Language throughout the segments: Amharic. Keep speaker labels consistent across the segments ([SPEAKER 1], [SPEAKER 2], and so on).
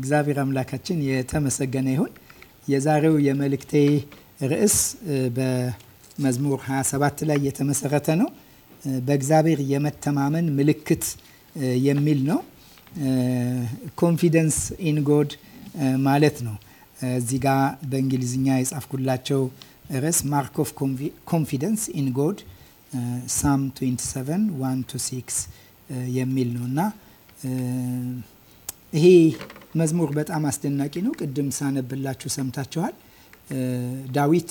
[SPEAKER 1] እግዚአብሔር አምላካችን የተመሰገነ ይሁን። የዛሬው የመልእክቴ ርዕስ በመዝሙር 27 ላይ የተመሰረተ ነው። በእግዚአብሔር የመተማመን ምልክት የሚል ነው። ኮንፊደንስ ኢን ጎድ ማለት ነው። እዚህ ጋ በእንግሊዝኛ የጻፍኩላቸው ርዕስ ማርክ ኦፍ ኮንፊደንስ ኢን ጎድ ሳም 27 1 ቱ 6 የሚል ነው እና ይሄ መዝሙር በጣም አስደናቂ ነው። ቅድም ሳነብላችሁ ሰምታችኋል። ዳዊት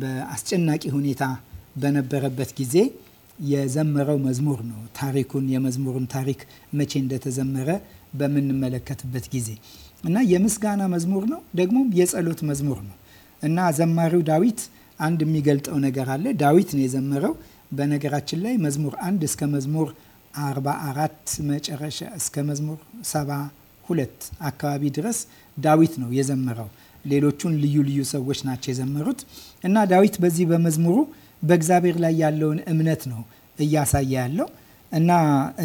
[SPEAKER 1] በአስጨናቂ ሁኔታ በነበረበት ጊዜ የዘመረው መዝሙር ነው። ታሪኩን የመዝሙርን ታሪክ መቼ እንደተዘመረ በምንመለከትበት ጊዜ እና የምስጋና መዝሙር ነው፣ ደግሞ የጸሎት መዝሙር ነው እና ዘማሪው ዳዊት አንድ የሚገልጠው ነገር አለ። ዳዊት ነው የዘመረው። በነገራችን ላይ መዝሙር አንድ እስከ መዝሙር 44 መጨረሻ እስከ መዝሙር ሰባ ሁለት አካባቢ ድረስ ዳዊት ነው የዘመረው። ሌሎቹን ልዩ ልዩ ሰዎች ናቸው የዘመሩት እና ዳዊት በዚህ በመዝሙሩ በእግዚአብሔር ላይ ያለውን እምነት ነው እያሳየ ያለው እና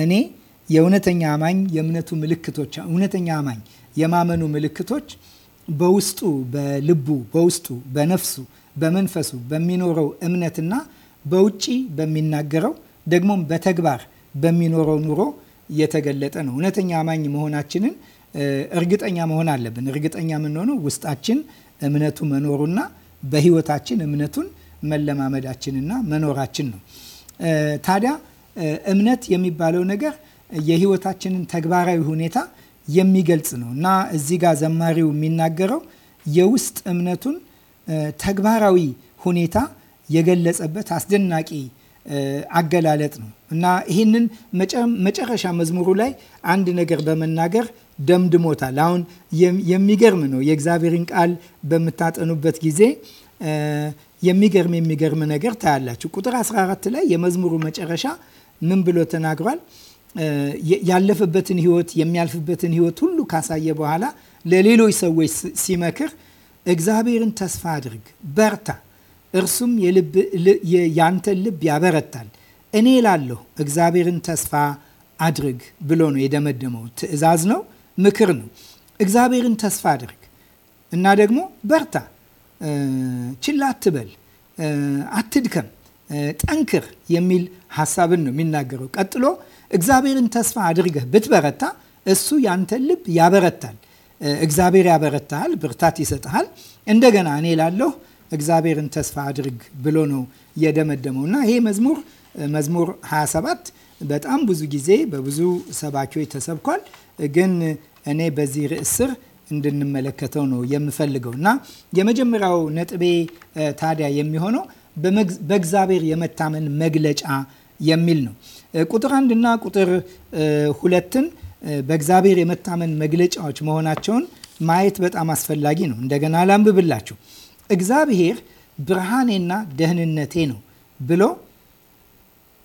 [SPEAKER 1] እኔ የእውነተኛ አማኝ የእምነቱ ምልክቶች እውነተኛ አማኝ የማመኑ ምልክቶች በውስጡ በልቡ በውስጡ በነፍሱ በመንፈሱ በሚኖረው እምነትና በውጪ በሚናገረው ደግሞም በተግባር በሚኖረው ኑሮ እየተገለጠ ነው። እውነተኛ አማኝ መሆናችንን እርግጠኛ መሆን አለብን። እርግጠኛ የምንሆነው ውስጣችን እምነቱ መኖሩና በህይወታችን እምነቱን መለማመዳችንና መኖራችን ነው። ታዲያ እምነት የሚባለው ነገር የህይወታችንን ተግባራዊ ሁኔታ የሚገልጽ ነው እና እዚህ ጋር ዘማሪው የሚናገረው የውስጥ እምነቱን ተግባራዊ ሁኔታ የገለጸበት አስደናቂ አገላለጥ ነው እና ይህንን መጨረሻ መዝሙሩ ላይ አንድ ነገር በመናገር ደምድሞታል። አሁን የሚገርም ነው። የእግዚአብሔርን ቃል በምታጠኑበት ጊዜ የሚገርም የሚገርም ነገር ታያላችሁ። ቁጥር 14 ላይ የመዝሙሩ መጨረሻ ምን ብሎ ተናግሯል? ያለፈበትን ህይወት የሚያልፍበትን ህይወት ሁሉ ካሳየ በኋላ ለሌሎች ሰዎች ሲመክር እግዚአብሔርን ተስፋ አድርግ፣ በርታ እርሱም ያንተን ልብ ያበረታል። እኔ ላለሁ እግዚአብሔርን ተስፋ አድርግ ብሎ ነው የደመደመው። ትዕዛዝ ነው፣ ምክር ነው። እግዚአብሔርን ተስፋ አድርግ እና ደግሞ በርታ፣ ችላ አትበል፣ አትድከም፣ ጠንክር የሚል ሀሳብን ነው የሚናገረው። ቀጥሎ እግዚአብሔርን ተስፋ አድርገህ ብትበረታ እሱ ያንተን ልብ ያበረታል። እግዚአብሔር ያበረታሃል፣ ብርታት ይሰጥሃል። እንደገና እኔ ላለሁ እግዚአብሔርን ተስፋ አድርግ ብሎ ነው የደመደመው እና ይሄ መዝሙር መዝሙር 27 በጣም ብዙ ጊዜ በብዙ ሰባኪዎች ተሰብኳል። ግን እኔ በዚህ ርዕስ ስር እንድንመለከተው ነው የምፈልገው እና የመጀመሪያው ነጥቤ ታዲያ የሚሆነው በእግዚአብሔር የመታመን መግለጫ የሚል ነው። ቁጥር አንድና ቁጥር ሁለትን በእግዚአብሔር የመታመን መግለጫዎች መሆናቸውን ማየት በጣም አስፈላጊ ነው። እንደገና ላንብብላችሁ። እግዚአብሔር ብርሃኔና ደህንነቴ ነው ብሎ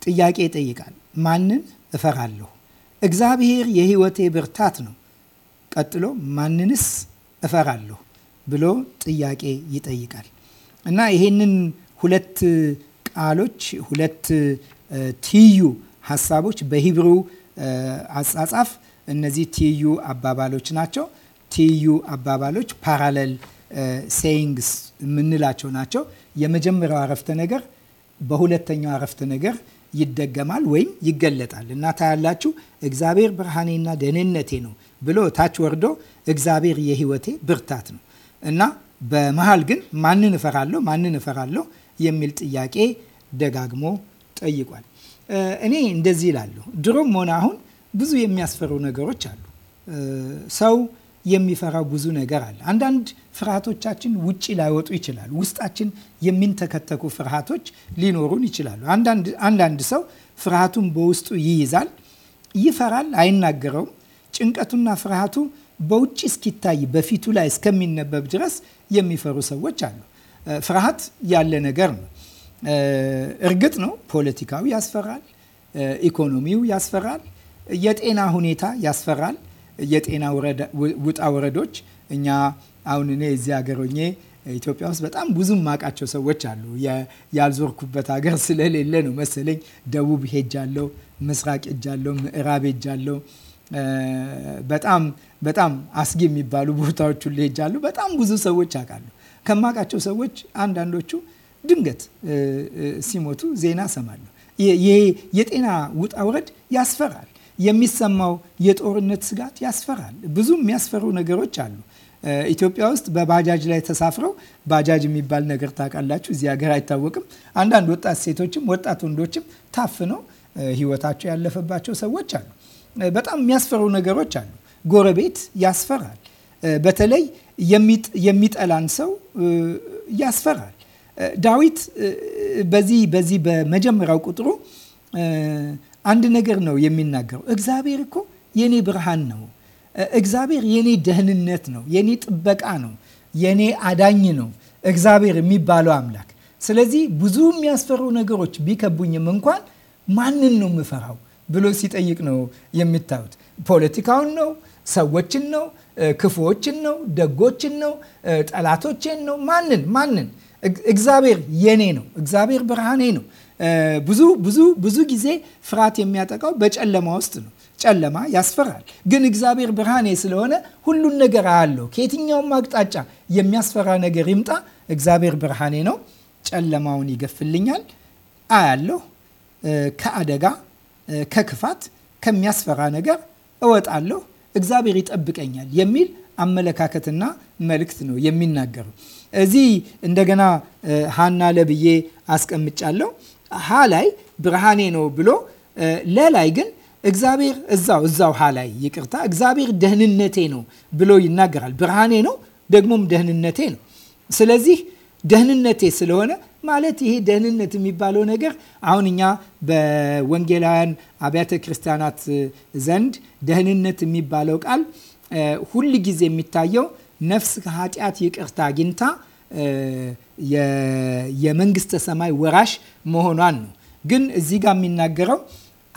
[SPEAKER 1] ጥያቄ ይጠይቃል። ማንን እፈራለሁ? እግዚአብሔር የህይወቴ ብርታት ነው። ቀጥሎ ማንንስ እፈራለሁ ብሎ ጥያቄ ይጠይቃል። እና ይሄንን ሁለት ቃሎች ሁለት ትይዩ ሀሳቦች በሂብሩ አጻጻፍ እነዚህ ትይዩ አባባሎች ናቸው። ትይዩ አባባሎች ፓራለል ሴይንግስ የምንላቸው ናቸው። የመጀመሪያው አረፍተ ነገር በሁለተኛው አረፍተ ነገር ይደገማል ወይም ይገለጣል እና ታያላችሁ። እግዚአብሔር ብርሃኔና ደህንነቴ ነው ብሎ ታች ወርዶ እግዚአብሔር የህይወቴ ብርታት ነው እና በመሀል ግን ማንን እፈራለሁ ማንን እፈራለሁ የሚል ጥያቄ ደጋግሞ ጠይቋል። እኔ እንደዚህ ይላለሁ። ድሮም ሆነ አሁን ብዙ የሚያስፈሩ ነገሮች አሉ ሰው የሚፈራው ብዙ ነገር አለ። አንዳንድ ፍርሃቶቻችን ውጭ ላይወጡ ይችላሉ። ውስጣችን የሚንተከተኩ ፍርሃቶች ሊኖሩን ይችላሉ። አንዳንድ ሰው ፍርሃቱን በውስጡ ይይዛል፣ ይፈራል፣ አይናገረውም። ጭንቀቱና ፍርሃቱ በውጭ እስኪታይ በፊቱ ላይ እስከሚነበብ ድረስ የሚፈሩ ሰዎች አሉ። ፍርሃት ያለ ነገር ነው። እርግጥ ነው ፖለቲካው ያስፈራል፣ ኢኮኖሚው ያስፈራል፣ የጤና ሁኔታ ያስፈራል የጤና ውጣ ወረዶች እኛ አሁን እኔ እዚህ ሀገር ሆኜ ኢትዮጵያ ውስጥ በጣም ብዙ ማቃቸው ሰዎች አሉ። ያልዞርኩበት ሀገር ስለሌለ ነው መሰለኝ። ደቡብ ሄጃለሁ፣ ምስራቅ ሄጃለሁ፣ ምዕራብ ሄጃለሁ። በጣም በጣም አስጊ የሚባሉ ቦታዎች ሁሉ ሄጃለሁ። በጣም ብዙ ሰዎች አውቃለሁ። ከማቃቸው ሰዎች አንዳንዶቹ ድንገት ሲሞቱ ዜና ሰማለሁ። ይሄ የጤና ውጣ ውረድ ያስፈራል። የሚሰማው የጦርነት ስጋት ያስፈራል። ብዙ የሚያስፈሩ ነገሮች አሉ። ኢትዮጵያ ውስጥ በባጃጅ ላይ ተሳፍረው ባጃጅ የሚባል ነገር ታውቃላችሁ፣ እዚህ ሀገር አይታወቅም። አንዳንድ ወጣት ሴቶችም ወጣት ወንዶችም ታፍነው ህይወታቸው ያለፈባቸው ሰዎች አሉ። በጣም የሚያስፈሩ ነገሮች አሉ። ጎረቤት ያስፈራል። በተለይ የሚጠላን ሰው ያስፈራል። ዳዊት በዚህ በዚህ በመጀመሪያው ቁጥሩ አንድ ነገር ነው የሚናገረው። እግዚአብሔር እኮ የኔ ብርሃን ነው። እግዚአብሔር የኔ ደህንነት ነው፣ የኔ ጥበቃ ነው፣ የኔ አዳኝ ነው እግዚአብሔር የሚባለው አምላክ። ስለዚህ ብዙ የሚያስፈሩ ነገሮች ቢከቡኝም እንኳን ማንን ነው የምፈራው ብሎ ሲጠይቅ ነው የምታዩት። ፖለቲካውን ነው፣ ሰዎችን ነው፣ ክፉዎችን ነው፣ ደጎችን ነው፣ ጠላቶችን ነው። ማንን ማንን? እግዚአብሔር የኔ ነው። እግዚአብሔር ብርሃኔ ነው። ብዙ ብዙ ብዙ ጊዜ ፍርሃት የሚያጠቃው በጨለማ ውስጥ ነው። ጨለማ ያስፈራል። ግን እግዚአብሔር ብርሃኔ ስለሆነ ሁሉን ነገር አያለው። ከየትኛውም አቅጣጫ የሚያስፈራ ነገር ይምጣ፣ እግዚአብሔር ብርሃኔ ነው። ጨለማውን ይገፍልኛል፣ አያለሁ። ከአደጋ ከክፋት፣ ከሚያስፈራ ነገር እወጣለሁ፣ እግዚአብሔር ይጠብቀኛል የሚል አመለካከትና መልእክት ነው የሚናገረው። እዚህ እንደገና ሀና ለብዬ አስቀምጫለሁ። ሀ ላይ ብርሃኔ ነው ብሎ ለላይ ግን እግዚአብሔር እዛው እዛው ሀ ላይ ይቅርታ፣ እግዚአብሔር ደህንነቴ ነው ብሎ ይናገራል። ብርሃኔ ነው ደግሞም ደህንነቴ ነው። ስለዚህ ደህንነቴ ስለሆነ ማለት ይሄ ደህንነት የሚባለው ነገር አሁን እኛ በወንጌላውያን አብያተ ክርስቲያናት ዘንድ ደህንነት የሚባለው ቃል ሁል ጊዜ የሚታየው ነፍስ ከኃጢአት ይቅርታ አግኝታ የመንግስተ ሰማይ ወራሽ መሆኗን ነው። ግን እዚህ ጋር የሚናገረው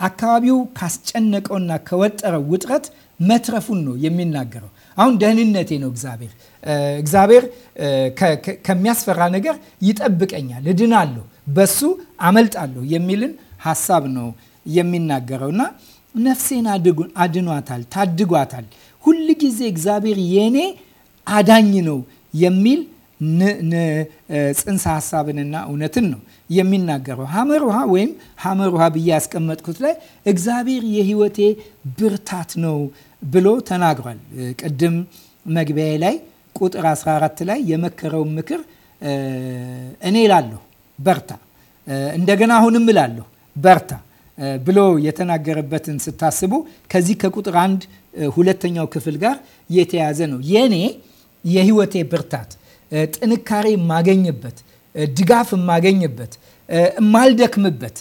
[SPEAKER 1] አካባቢው ካስጨነቀውና ከወጠረው ውጥረት መትረፉን ነው የሚናገረው። አሁን ደህንነቴ ነው እግዚአብሔር እግዚአብሔር ከሚያስፈራ ነገር ይጠብቀኛል፣ እድናለሁ፣ በሱ አመልጣለሁ የሚልን ሀሳብ ነው የሚናገረውና ነፍሴን አድኗታል፣ ታድጓታል። ሁልጊዜ እግዚአብሔር የኔ አዳኝ ነው የሚል ጽንሰ ሀሳብንና እውነትን ነው የሚናገረው። ሐመር ውሃ ወይም ሐመር ውሃ ብዬ ያስቀመጥኩት ላይ እግዚአብሔር የህይወቴ ብርታት ነው ብሎ ተናግሯል። ቅድም መግቢያ ላይ ቁጥር 14 ላይ የመከረውን ምክር እኔ እላለሁ በርታ፣ እንደገና አሁንም እላለሁ በርታ ብሎ የተናገረበትን ስታስቡ ከዚህ ከቁጥር አንድ ሁለተኛው ክፍል ጋር የተያዘ ነው። የኔ የህይወቴ ብርታት ጥንካሬ የማገኝበት፣ ድጋፍ የማገኝበት፣ የማልደክምበት፣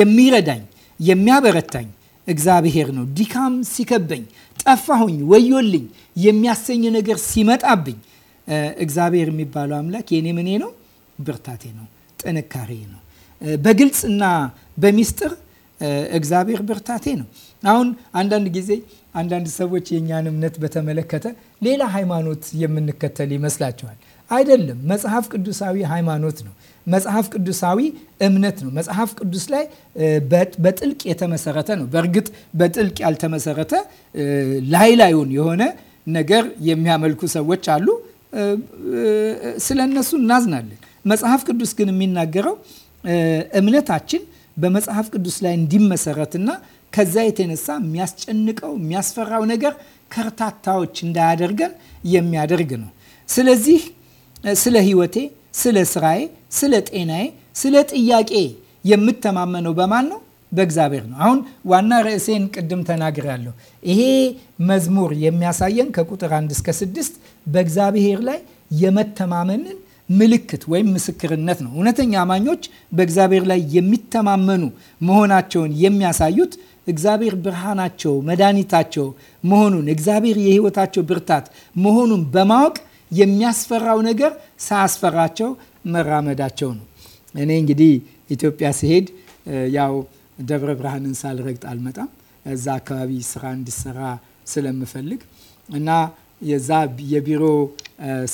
[SPEAKER 1] የሚረዳኝ የሚያበረታኝ እግዚአብሔር ነው። ድካም ሲከበኝ፣ ጠፋሁኝ፣ ወዮልኝ የሚያሰኝ ነገር ሲመጣብኝ እግዚአብሔር የሚባለው አምላክ የኔ ምኔ ነው፣ ብርታቴ ነው፣ ጥንካሬ ነው። በግልጽና በሚስጥር እግዚአብሔር ብርታቴ ነው። አሁን አንዳንድ ጊዜ አንዳንድ ሰዎች የእኛን እምነት በተመለከተ ሌላ ሃይማኖት የምንከተል ይመስላቸዋል። አይደለም። መጽሐፍ ቅዱሳዊ ሃይማኖት ነው። መጽሐፍ ቅዱሳዊ እምነት ነው። መጽሐፍ ቅዱስ ላይ በጥልቅ የተመሰረተ ነው። በእርግጥ በጥልቅ ያልተመሰረተ ላይ ላዩን የሆነ ነገር የሚያመልኩ ሰዎች አሉ። ስለ እነሱ እናዝናለን። መጽሐፍ ቅዱስ ግን የሚናገረው እምነታችን በመጽሐፍ ቅዱስ ላይ እንዲመሰረትና ከዛ የተነሳ የሚያስጨንቀው የሚያስፈራው ነገር ከርታታዎች እንዳያደርገን የሚያደርግ ነው። ስለዚህ ስለ ህይወቴ፣ ስለ ስራዬ፣ ስለ ጤናዬ፣ ስለ ጥያቄ የምተማመነው በማን ነው? በእግዚአብሔር ነው። አሁን ዋና ርዕሴን ቅድም ያለሁ ይሄ መዝሙር የሚያሳየን ከቁጥር አንድ እስከ ስድስት በእግዚአብሔር ላይ የመተማመንን ምልክት ወይም ምስክርነት ነው። እውነተኛ አማኞች በእግዚአብሔር ላይ የሚተማመኑ መሆናቸውን የሚያሳዩት እግዚአብሔር ብርሃናቸው፣ መድኃኒታቸው መሆኑን እግዚአብሔር የህይወታቸው ብርታት መሆኑን በማወቅ የሚያስፈራው ነገር ሳያስፈራቸው መራመዳቸው ነው። እኔ እንግዲህ ኢትዮጵያ ስሄድ ያው ደብረ ብርሃንን ሳልረግጥ አልመጣም። እዛ አካባቢ ስራ እንዲሰራ ስለምፈልግ እና የዛ የቢሮ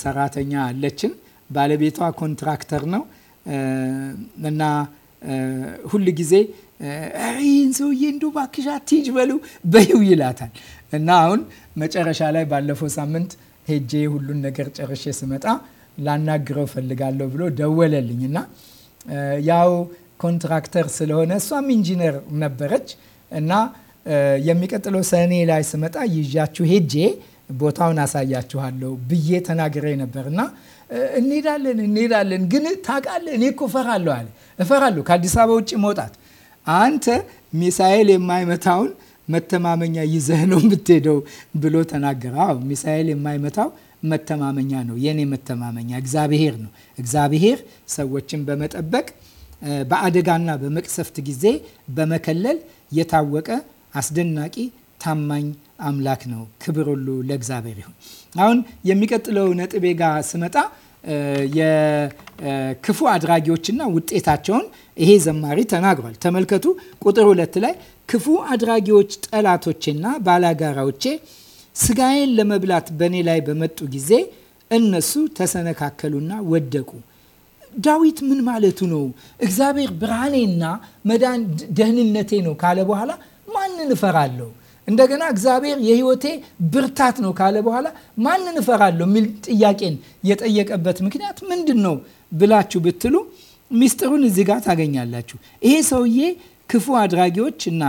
[SPEAKER 1] ሰራተኛ አለችን። ባለቤቷ ኮንትራክተር ነው እና ሁል ጊዜ ይህን ሰውዬ እንዱ ባክሻ ቲጅ በሉ በይው ይላታል። እና አሁን መጨረሻ ላይ ባለፈው ሳምንት ሄጄ ሁሉን ነገር ጨርሼ ስመጣ ላናግረው ፈልጋለሁ ብሎ ደወለልኝ እና ያው ኮንትራክተር ስለሆነ እሷም ኢንጂነር ነበረች እና የሚቀጥለው ሰኔ ላይ ስመጣ ይዣችሁ ሄጄ ቦታውን አሳያችኋለሁ ብዬ ተናግሬ ነበር እና እንሄዳለን እንሄዳለን ግን ታውቃለህ፣ እኔ እኮ እፈራለሁ አለ። እፈራለሁ ከአዲስ አበባ ውጭ መውጣት አንተ ሚሳኤል የማይመታውን መተማመኛ ይዘህ ነው የምትሄደው ብሎ ተናገረ። አዎ ሚሳኤል የማይመታው መተማመኛ ነው። የኔ መተማመኛ እግዚአብሔር ነው። እግዚአብሔር ሰዎችን በመጠበቅ በአደጋና በመቅሰፍት ጊዜ በመከለል የታወቀ አስደናቂ ታማኝ አምላክ ነው። ክብር ሁሉ ለእግዚአብሔር ይሁን። አሁን የሚቀጥለው ነጥቤ ጋር ስመጣ የክፉ አድራጊዎችና ውጤታቸውን ይሄ ዘማሪ ተናግሯል። ተመልከቱ ቁጥር ሁለት ላይ ክፉ አድራጊዎች ጠላቶቼና ባላጋራዎቼ ስጋዬን ለመብላት በእኔ ላይ በመጡ ጊዜ እነሱ ተሰነካከሉና ወደቁ። ዳዊት ምን ማለቱ ነው? እግዚአብሔር ብርሃኔና መዳን ደህንነቴ ነው ካለ በኋላ ማንን እፈራለሁ? እንደገና እግዚአብሔር የህይወቴ ብርታት ነው ካለ በኋላ ማንን እፈራለሁ የሚል ጥያቄን የጠየቀበት ምክንያት ምንድን ነው ብላችሁ ብትሉ ሚስጥሩን እዚህ ጋር ታገኛላችሁ። ይሄ ሰውዬ ክፉ አድራጊዎች እና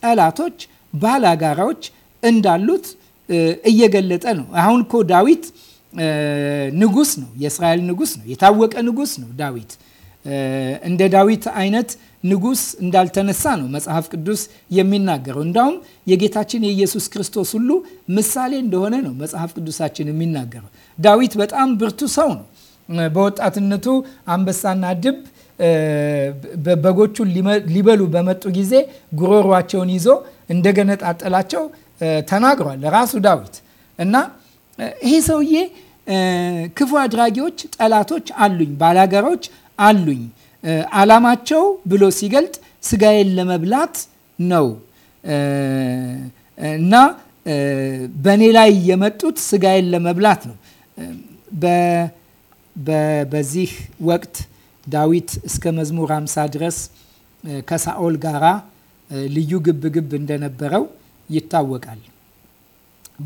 [SPEAKER 1] ጠላቶች፣ ባላጋራዎች እንዳሉት እየገለጠ ነው። አሁን እኮ ዳዊት ንጉስ ነው፣ የእስራኤል ንጉስ ነው፣ የታወቀ ንጉስ ነው ዳዊት እንደ ዳዊት አይነት ንጉስ እንዳልተነሳ ነው መጽሐፍ ቅዱስ የሚናገረው። እንዳውም የጌታችን የኢየሱስ ክርስቶስ ሁሉ ምሳሌ እንደሆነ ነው መጽሐፍ ቅዱሳችን የሚናገረው። ዳዊት በጣም ብርቱ ሰው ነው። በወጣትነቱ አንበሳና ድብ በጎቹን ሊበሉ በመጡ ጊዜ ጉሮሯቸውን ይዞ እንደገነጣጠላቸው ተናግሯል ራሱ ዳዊት እና ይሄ ሰውዬ ክፉ አድራጊዎች፣ ጠላቶች አሉኝ፣ ባላገሮች አሉኝ አላማቸው ብሎ ሲገልጥ ስጋዬን ለመብላት ነው እና በእኔ ላይ የመጡት ስጋዬን ለመብላት ነው። በዚህ ወቅት ዳዊት እስከ መዝሙር 50 ድረስ ከሳኦል ጋራ ልዩ ግብግብ እንደነበረው ይታወቃል።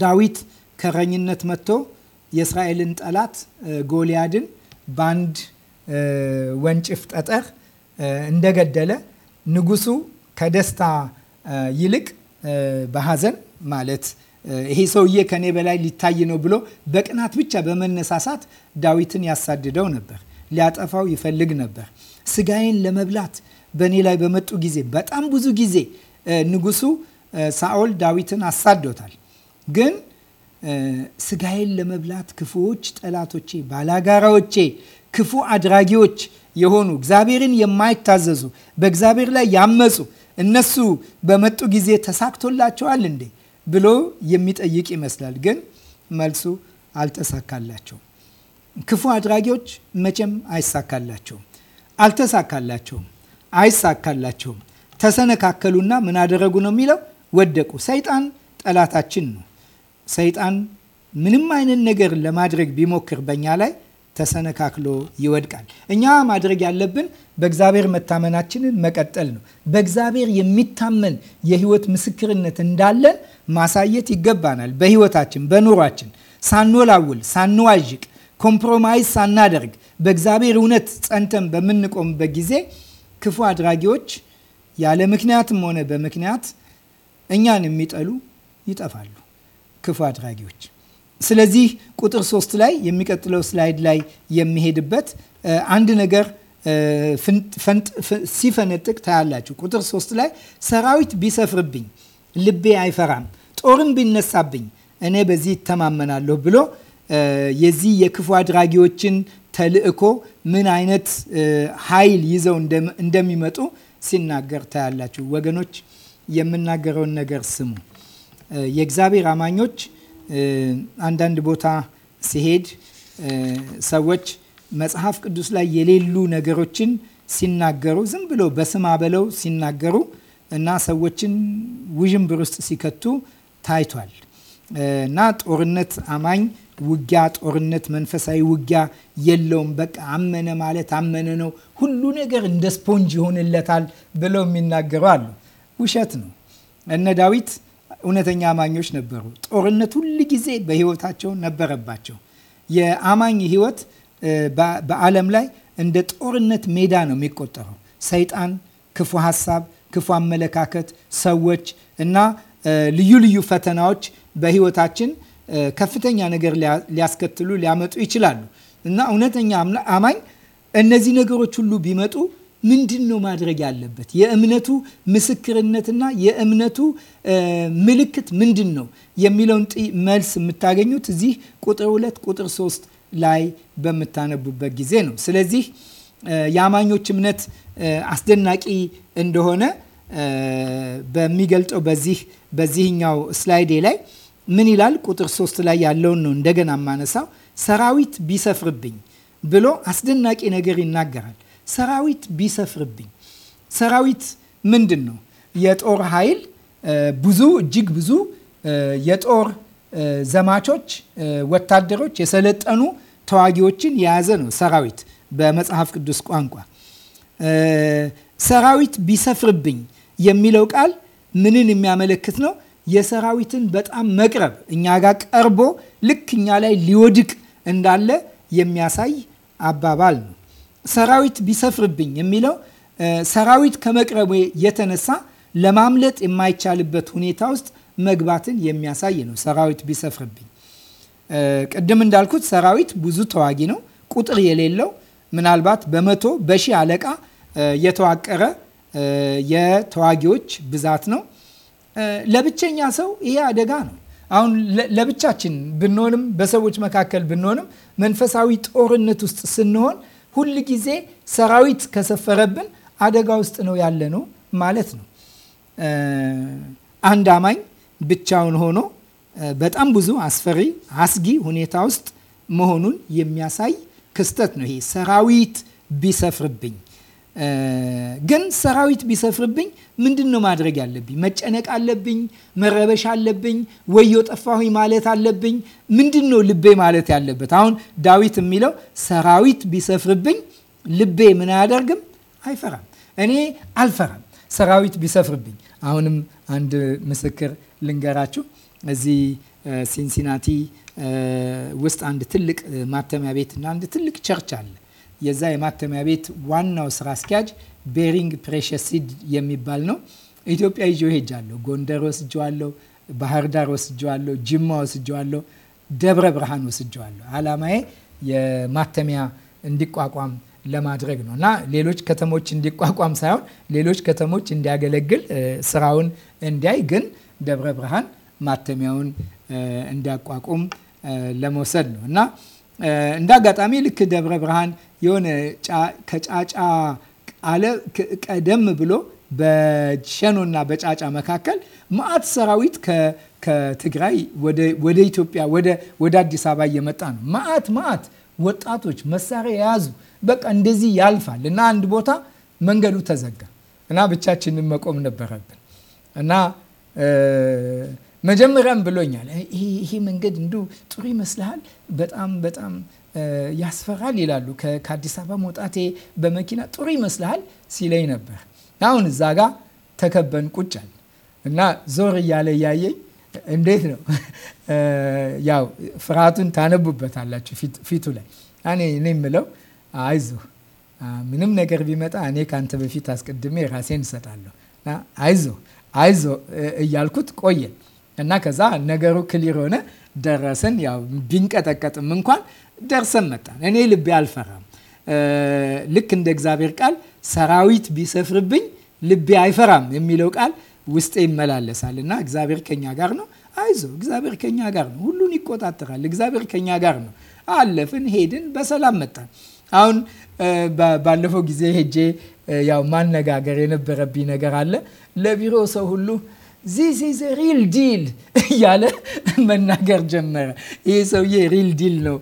[SPEAKER 1] ዳዊት ከረኝነት መጥቶ የእስራኤልን ጠላት ጎልያድን በአንድ ወንጭፍ ጠጠር እንደገደለ ንጉሱ ከደስታ ይልቅ በሐዘን ማለት ይሄ ሰውዬ ከኔ በላይ ሊታይ ነው ብሎ በቅናት ብቻ በመነሳሳት ዳዊትን ያሳድደው ነበር። ሊያጠፋው ይፈልግ ነበር። ስጋዬን ለመብላት በእኔ ላይ በመጡ ጊዜ በጣም ብዙ ጊዜ ንጉሱ ሳኦል ዳዊትን አሳዶታል። ግን ስጋዬን ለመብላት ክፉዎች ጠላቶቼ፣ ባላጋራዎቼ፣ ክፉ አድራጊዎች የሆኑ እግዚአብሔርን የማይታዘዙ በእግዚአብሔር ላይ ያመፁ እነሱ በመጡ ጊዜ ተሳክቶላቸዋል እንዴ ብሎ የሚጠይቅ ይመስላል። ግን መልሱ አልተሳካላቸውም። ክፉ አድራጊዎች መቼም አይሳካላቸውም። አልተሳካላቸውም፣ አይሳካላቸውም። ተሰነካከሉና ምን አደረጉ ነው የሚለው ወደቁ። ሰይጣን ጠላታችን ነው። ሰይጣን ምንም አይነት ነገር ለማድረግ ቢሞክር በእኛ ላይ ተሰነካክሎ ይወድቃል። እኛ ማድረግ ያለብን በእግዚአብሔር መታመናችንን መቀጠል ነው። በእግዚአብሔር የሚታመን የህይወት ምስክርነት እንዳለን ማሳየት ይገባናል። በህይወታችን በኑሯችን ሳንወላውል፣ ሳንዋዥቅ፣ ኮምፕሮማይዝ ሳናደርግ በእግዚአብሔር እውነት ጸንተን በምንቆምበት ጊዜ ክፉ አድራጊዎች ያለ ምክንያትም ሆነ በምክንያት እኛን የሚጠሉ ይጠፋሉ። ክፉ አድራጊዎች። ስለዚህ ቁጥር ሶስት ላይ የሚቀጥለው ስላይድ ላይ የሚሄድበት አንድ ነገር ሲፈነጥቅ ታያላችሁ። ቁጥር ሶስት ላይ ሰራዊት ቢሰፍርብኝ ልቤ አይፈራም፣ ጦርም ቢነሳብኝ እኔ በዚህ ይተማመናለሁ ብሎ የዚህ የክፉ አድራጊዎችን ተልእኮ ምን አይነት ኃይል ይዘው እንደሚመጡ ሲናገር ታያላችሁ። ወገኖች የምናገረውን ነገር ስሙ። የእግዚአብሔር አማኞች አንዳንድ ቦታ ሲሄድ ሰዎች መጽሐፍ ቅዱስ ላይ የሌሉ ነገሮችን ሲናገሩ ዝም ብሎ በስማ በለው ሲናገሩ እና ሰዎችን ውዥንብር ውስጥ ሲከቱ ታይቷል እና ጦርነት አማኝ ውጊያ ጦርነት መንፈሳዊ ውጊያ የለውም። በቃ አመነ ማለት አመነ ነው። ሁሉ ነገር እንደ ስፖንጅ ይሆንለታል ብለው የሚናገሩ አሉ። ውሸት ነው። እነ ዳዊት እውነተኛ አማኞች ነበሩ። ጦርነት ሁል ጊዜ በህይወታቸው ነበረባቸው። የአማኝ ህይወት በዓለም ላይ እንደ ጦርነት ሜዳ ነው የሚቆጠረው። ሰይጣን፣ ክፉ ሀሳብ፣ ክፉ አመለካከት፣ ሰዎች እና ልዩ ልዩ ፈተናዎች በህይወታችን ከፍተኛ ነገር ሊያስከትሉ ሊያመጡ ይችላሉ እና እውነተኛ አማኝ እነዚህ ነገሮች ሁሉ ቢመጡ ምንድን ነው ማድረግ ያለበት? የእምነቱ ምስክርነትና የእምነቱ ምልክት ምንድን ነው የሚለውን መልስ የምታገኙት እዚህ ቁጥር ሁለት ቁጥር ሶስት ላይ በምታነቡበት ጊዜ ነው። ስለዚህ የአማኞች እምነት አስደናቂ እንደሆነ በሚገልጠው በዚህ በዚህኛው ስላይዴ ላይ ምን ይላል? ቁጥር ሶስት ላይ ያለውን ነው እንደገና ማነሳው ሰራዊት ቢሰፍርብኝ ብሎ አስደናቂ ነገር ይናገራል። ሰራዊት ቢሰፍርብኝ ሰራዊት ምንድን ነው? የጦር ኃይል ብዙ እጅግ ብዙ የጦር ዘማቾች፣ ወታደሮች፣ የሰለጠኑ ተዋጊዎችን የያዘ ነው ሰራዊት በመጽሐፍ ቅዱስ ቋንቋ። ሰራዊት ቢሰፍርብኝ የሚለው ቃል ምንን የሚያመለክት ነው? የሰራዊትን በጣም መቅረብ እኛ ጋር ቀርቦ ልክ እኛ ላይ ሊወድቅ እንዳለ የሚያሳይ አባባል ነው። ሰራዊት ቢሰፍርብኝ የሚለው ሰራዊት ከመቅረቡ የተነሳ ለማምለጥ የማይቻልበት ሁኔታ ውስጥ መግባትን የሚያሳይ ነው። ሰራዊት ቢሰፍርብኝ ቅድም እንዳልኩት ሰራዊት ብዙ ተዋጊ ነው፣ ቁጥር የሌለው ምናልባት በመቶ በሺህ አለቃ የተዋቀረ የተዋጊዎች ብዛት ነው። ለብቸኛ ሰው ይሄ አደጋ ነው። አሁን ለብቻችን ብንሆንም በሰዎች መካከል ብንሆንም መንፈሳዊ ጦርነት ውስጥ ስንሆን ሁል ጊዜ ሰራዊት ከሰፈረብን አደጋ ውስጥ ነው ያለነው ማለት ነው። አንድ አማኝ ብቻውን ሆኖ በጣም ብዙ አስፈሪ አስጊ ሁኔታ ውስጥ መሆኑን የሚያሳይ ክስተት ነው። ይሄ ሰራዊት ቢሰፍርብኝ ግን ሰራዊት ቢሰፍርብኝ ምንድን ነው ማድረግ ያለብኝ? መጨነቅ አለብኝ? መረበሽ አለብኝ? ወዮ ጠፋሁኝ ማለት አለብኝ? ምንድን ነው ልቤ ማለት ያለበት? አሁን ዳዊት የሚለው ሰራዊት ቢሰፍርብኝ ልቤ ምን አያደርግም? አይፈራም። እኔ አልፈራም ሰራዊት ቢሰፍርብኝ። አሁንም አንድ ምስክር ልንገራችሁ። እዚህ ሲንሲናቲ ውስጥ አንድ ትልቅ ማተሚያ ቤት እና አንድ ትልቅ ቸርች አለ የዛ የማተሚያ ቤት ዋናው ስራ አስኪያጅ ቤሪንግ ፕሬሸስ ሲድ የሚባል ነው። ኢትዮጵያ ይዤው ሄጃለሁ። ጎንደር ወስጄዋለሁ፣ ባህር ዳር ወስጄዋለሁ፣ ጅማ ወስጄዋለሁ፣ ደብረ ብርሃን ወስጄዋለሁ። አላማዬ የማተሚያ እንዲቋቋም ለማድረግ ነው እና ሌሎች ከተሞች እንዲቋቋም ሳይሆን ሌሎች ከተሞች እንዲያገለግል ስራውን እንዲያይ ግን ደብረ ብርሃን ማተሚያውን እንዲያቋቁም ለመውሰድ ነው እና እንደ አጋጣሚ ልክ ደብረ ብርሃን የሆነ ከጫጫ አለ ቀደም ብሎ በሸኖና በጫጫ መካከል ማአት ሰራዊት ከትግራይ ወደ ኢትዮጵያ ወደ አዲስ አበባ እየመጣ ነው። ማአት ማአት ወጣቶች መሳሪያ የያዙ በቃ እንደዚህ ያልፋል እና አንድ ቦታ መንገዱ ተዘጋ እና ብቻችንን መቆም ነበረብን እና መጀመሪያም ብሎኛል ይሄ መንገድ እንዱ ጥሩ ይመስልሃል? በጣም በጣም ያስፈራል ይላሉ። ከአዲስ አበባ መውጣቴ በመኪና ጥሩ ይመስልሃል ሲለኝ ነበር። አሁን እዛ ጋ ተከበን ቁጫል እና ዞር እያለ እያየኝ እንዴት ነው ያው ፍርሃቱን ታነቡበታላችሁ ፊቱ ላይ። እኔ የምለው አይዞ ምንም ነገር ቢመጣ እኔ ከአንተ በፊት አስቀድሜ ራሴን እሰጣለሁ አይዞ አይዞ እያልኩት ቆየን እና ከዛ ነገሩ ክሊር ሆነ። ደረሰን ያው ቢንቀጠቀጥም እንኳን ደርሰን መጣን። እኔ ልቤ አልፈራም። ልክ እንደ እግዚአብሔር ቃል ሰራዊት ቢሰፍርብኝ ልቤ አይፈራም የሚለው ቃል ውስጤ ይመላለሳል እና እግዚአብሔር ከኛ ጋር ነው። አይዞ እግዚአብሔር ከኛ ጋር ነው። ሁሉን ይቆጣጠራል። እግዚአብሔር ከኛ ጋር ነው። አለፍን፣ ሄድን፣ በሰላም መጣን። አሁን ባለፈው ጊዜ ሄጄ ያው ማነጋገር የነበረብኝ ነገር አለ ለቢሮ ሰው ሁሉ ዚስ ኢዝ ሪል ዲል እያለ መናገር ጀመረ። ይህ ሰውዬ ሪል ዲል ነው፣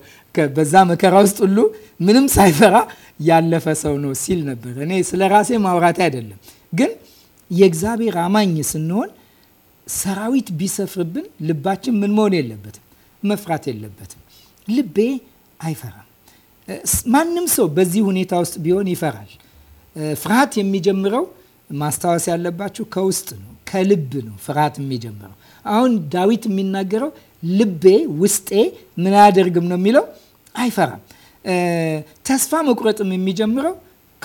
[SPEAKER 1] በዛ መከራ ውስጥ ሁሉ ምንም ሳይፈራ ያለፈ ሰው ነው ሲል ነበር። እኔ ስለ ራሴ ማውራት አይደለም፣ ግን የእግዚአብሔር አማኝ ስንሆን ሰራዊት ቢሰፍርብን ልባችን ምን መሆን የለበትም፣ መፍራት የለበትም። ልቤ አይፈራም። ማንም ሰው በዚህ ሁኔታ ውስጥ ቢሆን ይፈራል። ፍርሃት የሚጀምረው ማስታወስ ያለባችሁ ከውስጥ ነው ከልብ ነው ፍርሃት የሚጀምረው። አሁን ዳዊት የሚናገረው ልቤ ውስጤ ምን አያደርግም ነው የሚለው አይፈራም። ተስፋ መቁረጥም የሚጀምረው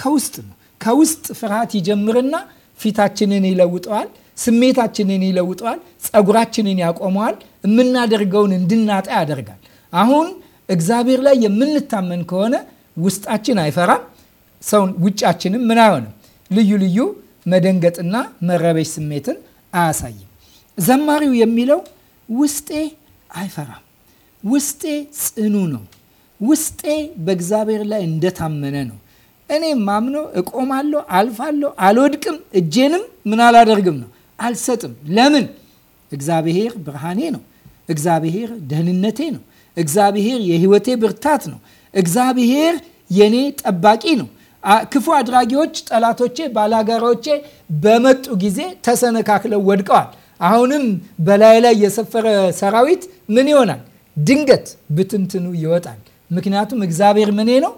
[SPEAKER 1] ከውስጥ ነው። ከውስጥ ፍርሃት ይጀምርና ፊታችንን ይለውጠዋል፣ ስሜታችንን ይለውጠዋል፣ ጸጉራችንን ያቆመዋል፣ የምናደርገውን እንድናጣ ያደርጋል። አሁን እግዚአብሔር ላይ የምንታመን ከሆነ ውስጣችን አይፈራም፣ ሰውን ውጫችንም ምን አይሆንም። ልዩ ልዩ መደንገጥና መረበሽ ስሜትን አያሳይም። ዘማሪው የሚለው ውስጤ አይፈራም፣ ውስጤ ጽኑ ነው፣ ውስጤ በእግዚአብሔር ላይ እንደታመነ ነው። እኔ ማምኖ እቆማለሁ፣ አልፋለሁ፣ አልወድቅም፣ እጄንም ምን አላደርግም ነው አልሰጥም። ለምን? እግዚአብሔር ብርሃኔ ነው። እግዚአብሔር ደህንነቴ ነው። እግዚአብሔር የህይወቴ ብርታት ነው። እግዚአብሔር የኔ ጠባቂ ነው። ክፉ አድራጊዎች፣ ጠላቶቼ፣ ባላጋራዎቼ በመጡ ጊዜ ተሰነካክለው ወድቀዋል። አሁንም በላይ ላይ የሰፈረ ሰራዊት ምን ይሆናል? ድንገት ብትንትኑ ይወጣል። ምክንያቱም እግዚአብሔር ምኔ ነው?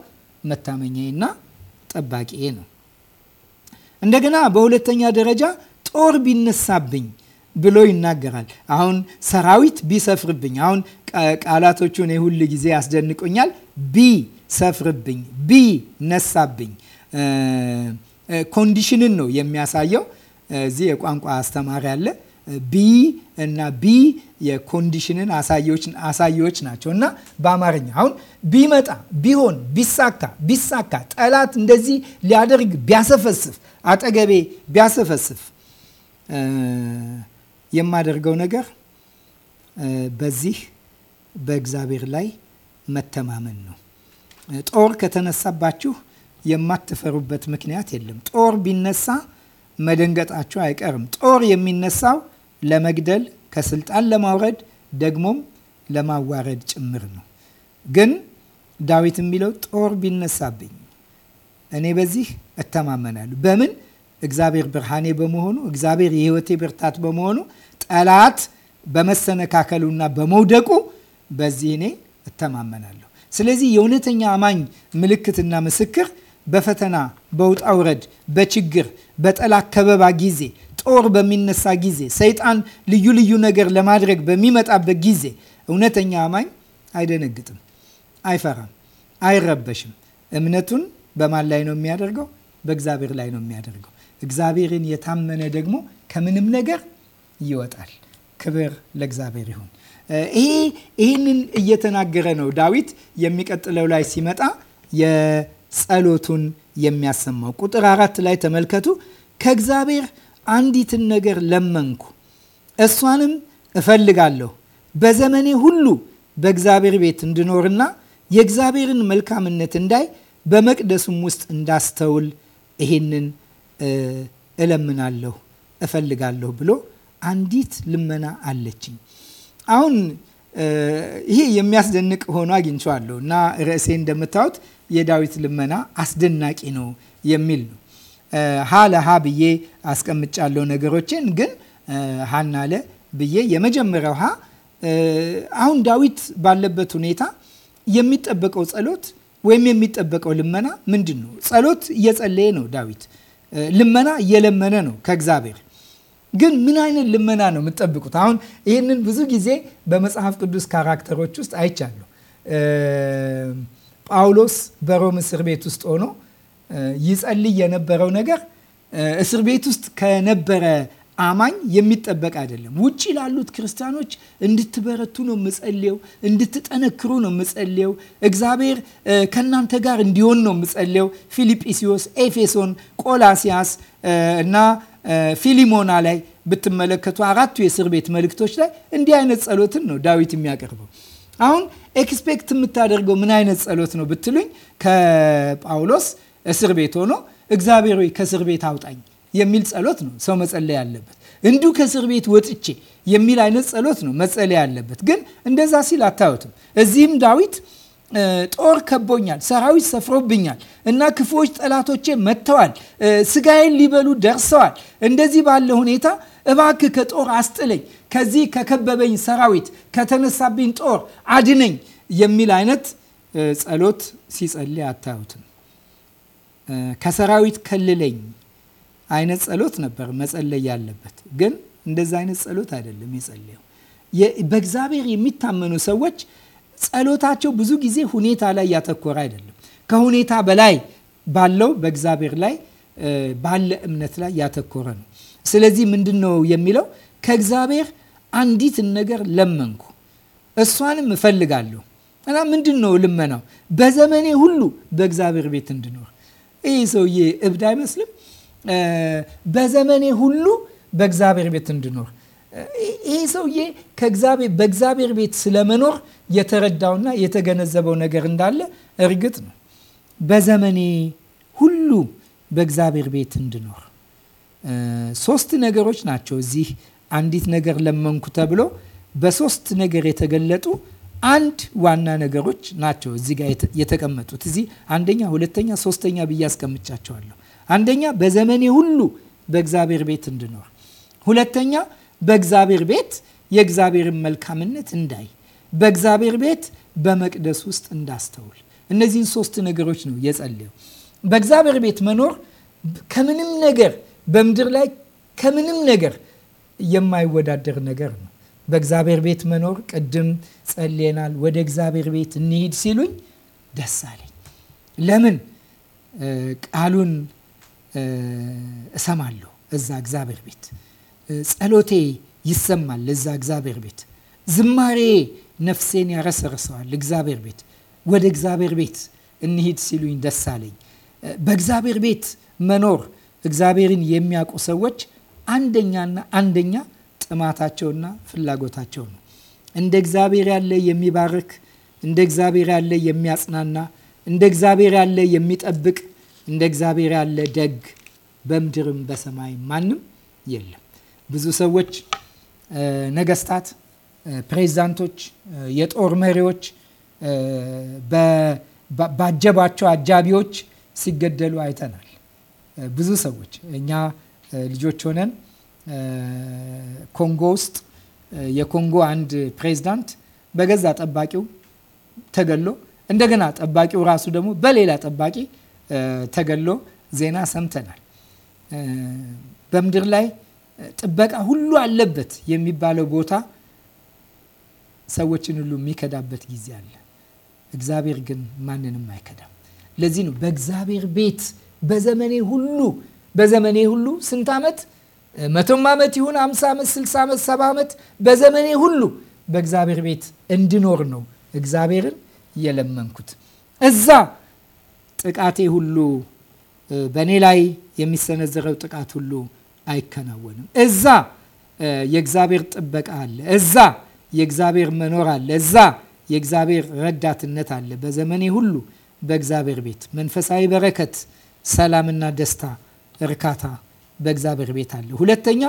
[SPEAKER 1] መታመኛዬና ጠባቂዬ ነው። እንደገና በሁለተኛ ደረጃ ጦር ቢነሳብኝ ብሎ ይናገራል። አሁን ሰራዊት ቢሰፍርብኝ፣ አሁን ቃላቶቹ እኔ ሁል ጊዜ ያስደንቁኛል። ቢ ሰፍርብኝ፣ ቢ ነሳብኝ ኮንዲሽንን ነው የሚያሳየው። እዚህ የቋንቋ አስተማሪ አለ። ቢ እና ቢ የኮንዲሽንን አሳየዎች ናቸው። እና በአማርኛ አሁን ቢመጣ፣ ቢሆን፣ ቢሳካ፣ ቢሳካ ጠላት እንደዚህ ሊያደርግ ቢያሰፈስፍ፣ አጠገቤ ቢያሰፈስፍ የማደርገው ነገር በዚህ በእግዚአብሔር ላይ መተማመን ነው። ጦር ከተነሳባችሁ የማትፈሩበት ምክንያት የለም። ጦር ቢነሳ መደንገጣችሁ አይቀርም። ጦር የሚነሳው ለመግደል፣ ከስልጣን ለማውረድ፣ ደግሞም ለማዋረድ ጭምር ነው። ግን ዳዊት የሚለው ጦር ቢነሳብኝ እኔ በዚህ እተማመናለሁ። በምን? እግዚአብሔር ብርሃኔ በመሆኑ እግዚአብሔር የህይወቴ ብርታት በመሆኑ ጠላት በመሰነካከሉና በመውደቁ በዚህ እኔ እተማመናለሁ። ስለዚህ የእውነተኛ አማኝ ምልክትና ምስክር በፈተና፣ በውጣ ውረድ፣ በችግር፣ በጠላ ከበባ ጊዜ፣ ጦር በሚነሳ ጊዜ፣ ሰይጣን ልዩ ልዩ ነገር ለማድረግ በሚመጣበት ጊዜ እውነተኛ አማኝ አይደነግጥም፣ አይፈራም፣ አይረበሽም። እምነቱን በማን ላይ ነው የሚያደርገው? በእግዚአብሔር ላይ ነው የሚያደርገው። እግዚአብሔርን የታመነ ደግሞ ከምንም ነገር ይወጣል። ክብር ለእግዚአብሔር ይሁን። ይሄ ይህንን እየተናገረ ነው ዳዊት። የሚቀጥለው ላይ ሲመጣ የጸሎቱን የሚያሰማው ቁጥር አራት ላይ ተመልከቱ። ከእግዚአብሔር አንዲትን ነገር ለመንኩ፣ እሷንም እፈልጋለሁ በዘመኔ ሁሉ በእግዚአብሔር ቤት እንድኖርና የእግዚአብሔርን መልካምነት እንዳይ በመቅደሱም ውስጥ እንዳስተውል ይሄንን እለምናለሁ እፈልጋለሁ ብሎ አንዲት ልመና አለችኝ። አሁን ይሄ የሚያስደንቅ ሆኖ አግኝቼዋለሁ እና ርዕሴ እንደምታዩት የዳዊት ልመና አስደናቂ ነው የሚል ነው። ሀ ለሀ ብዬ አስቀምጫለሁ ነገሮችን ግን ሀና ለ ብዬ የመጀመሪያው ሀ አሁን ዳዊት ባለበት ሁኔታ የሚጠበቀው ጸሎት ወይም የሚጠበቀው ልመና ምንድን ነው? ጸሎት እየጸለየ ነው ዳዊት። ልመና እየለመነ ነው ከእግዚአብሔር ግን ምን አይነት ልመና ነው የምትጠብቁት? አሁን ይህንን ብዙ ጊዜ በመጽሐፍ ቅዱስ ካራክተሮች ውስጥ አይቻለሁ። ጳውሎስ በሮም እስር ቤት ውስጥ ሆኖ ይጸልይ የነበረው ነገር እስር ቤት ውስጥ ከነበረ አማኝ የሚጠበቅ አይደለም። ውጭ ላሉት ክርስቲያኖች እንድትበረቱ ነው የምጸልየው፣ እንድትጠነክሩ ነው የምጸልየው፣ እግዚአብሔር ከእናንተ ጋር እንዲሆን ነው የምጸልየው። ፊልጵስዮስ፣ ኤፌሶን፣ ቆላሲያስ እና ፊሊሞና ላይ ብትመለከቱ አራቱ የእስር ቤት መልእክቶች ላይ እንዲህ አይነት ጸሎትን ነው ዳዊት የሚያቀርበው። አሁን ኤክስፔክት የምታደርገው ምን አይነት ጸሎት ነው ብትሉኝ ከጳውሎስ እስር ቤት ሆኖ እግዚአብሔር ሆይ ከእስር ቤት አውጣኝ የሚል ጸሎት ነው ሰው መጸለይ ያለበት። እንዲሁ ከእስር ቤት ወጥቼ የሚል አይነት ጸሎት ነው መጸለይ ያለበት። ግን እንደዛ ሲል አታዩትም። እዚህም ዳዊት ጦር ከቦኛል፣ ሰራዊት ሰፍሮብኛል እና ክፉዎች ጠላቶቼ መጥተዋል፣ ስጋዬን ሊበሉ ደርሰዋል። እንደዚህ ባለ ሁኔታ እባክህ ከጦር አስጥለኝ፣ ከዚህ ከከበበኝ ሰራዊት፣ ከተነሳብኝ ጦር አድነኝ የሚል አይነት ጸሎት ሲጸልይ አታዩትም። ከሰራዊት ከልለኝ አይነት ጸሎት ነበር መጸለይ ያለበት፣ ግን እንደዚ አይነት ጸሎት አይደለም የጸለየው። በእግዚአብሔር የሚታመኑ ሰዎች ጸሎታቸው ብዙ ጊዜ ሁኔታ ላይ ያተኮረ አይደለም። ከሁኔታ በላይ ባለው በእግዚአብሔር ላይ ባለ እምነት ላይ ያተኮረ ነው። ስለዚህ ምንድን ነው የሚለው? ከእግዚአብሔር አንዲትን ነገር ለመንኩ እሷንም እፈልጋለሁ እና ምንድን ነው ልመናው? በዘመኔ ሁሉ በእግዚአብሔር ቤት እንድኖር። ይህ ሰውዬ እብድ አይመስልም? በዘመኔ ሁሉ በእግዚአብሔር ቤት እንድኖር። ይህ ሰውዬ በእግዚአብሔር ቤት ስለመኖር የተረዳውና የተገነዘበው ነገር እንዳለ እርግጥ ነው። በዘመኔ ሁሉ በእግዚአብሔር ቤት እንድኖር ሶስት ነገሮች ናቸው። እዚህ አንዲት ነገር ለመንኩ ተብሎ በሶስት ነገር የተገለጡ አንድ ዋና ነገሮች ናቸው እዚህ ጋር የተቀመጡት። እዚህ አንደኛ፣ ሁለተኛ፣ ሶስተኛ ብዬ አስቀምጫቸዋለሁ። አንደኛ በዘመኔ ሁሉ በእግዚአብሔር ቤት እንድኖር፣ ሁለተኛ በእግዚአብሔር ቤት የእግዚአብሔርን መልካምነት እንዳይ፣ በእግዚአብሔር ቤት በመቅደስ ውስጥ እንዳስተውል። እነዚህን ሶስት ነገሮች ነው የጸለየው። በእግዚአብሔር ቤት መኖር ከምንም ነገር በምድር ላይ ከምንም ነገር የማይወዳደር ነገር ነው። በእግዚአብሔር ቤት መኖር ቅድም ጸልየናል። ወደ እግዚአብሔር ቤት እንሂድ ሲሉኝ ደስ አለኝ። ለምን? ቃሉን እሰማለሁ። እዛ እግዚአብሔር ቤት ጸሎቴ ይሰማል። ለዛ እግዚአብሔር ቤት ዝማሬ ነፍሴን ያረሰርሰዋል። እግዚአብሔር ቤት ወደ እግዚአብሔር ቤት እንሂድ ሲሉኝ ደስ አለኝ። በእግዚአብሔር ቤት መኖር እግዚአብሔርን የሚያውቁ ሰዎች አንደኛና አንደኛ ጥማታቸውና ፍላጎታቸው ነው። እንደ እግዚአብሔር ያለ የሚባርክ፣ እንደ እግዚአብሔር ያለ የሚያጽናና፣ እንደ እግዚአብሔር ያለ የሚጠብቅ፣ እንደ እግዚአብሔር ያለ ደግ በምድርም በሰማይ ማንም የለም። ብዙ ሰዎች ነገስታት፣ ፕሬዚዳንቶች፣ የጦር መሪዎች ባጀባቸው አጃቢዎች ሲገደሉ አይተናል። ብዙ ሰዎች እኛ ልጆች ሆነን ኮንጎ ውስጥ የኮንጎ አንድ ፕሬዚዳንት በገዛ ጠባቂው ተገሎ እንደገና ጠባቂው ራሱ ደግሞ በሌላ ጠባቂ ተገሎ ዜና ሰምተናል። በምድር ላይ ጥበቃ ሁሉ አለበት የሚባለው ቦታ ሰዎችን ሁሉ የሚከዳበት ጊዜ አለ። እግዚአብሔር ግን ማንንም አይከዳም። ለዚህ ነው በእግዚአብሔር ቤት በዘመኔ ሁሉ በዘመኔ ሁሉ ስንት ዓመት መቶም ዓመት ይሁን አምሳ ዓመት ስልሳ ዓመት ሰባ ዓመት በዘመኔ ሁሉ በእግዚአብሔር ቤት እንድኖር ነው እግዚአብሔርን የለመንኩት። እዛ ጥቃቴ ሁሉ በእኔ ላይ የሚሰነዘረው ጥቃት ሁሉ አይከናወንም። እዛ የእግዚአብሔር ጥበቃ አለ። እዛ የእግዚአብሔር መኖር አለ። እዛ የእግዚአብሔር ረዳትነት አለ። በዘመኔ ሁሉ በእግዚአብሔር ቤት መንፈሳዊ በረከት፣ ሰላምና ደስታ፣ እርካታ በእግዚአብሔር ቤት አለ። ሁለተኛ